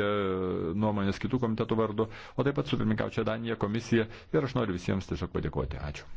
E, nuomonės kitų komitetų vardu, o taip pat su pirmininkaučia Danija komisija ir aš noriu visiems tiesiog padėkoti. Ačiū.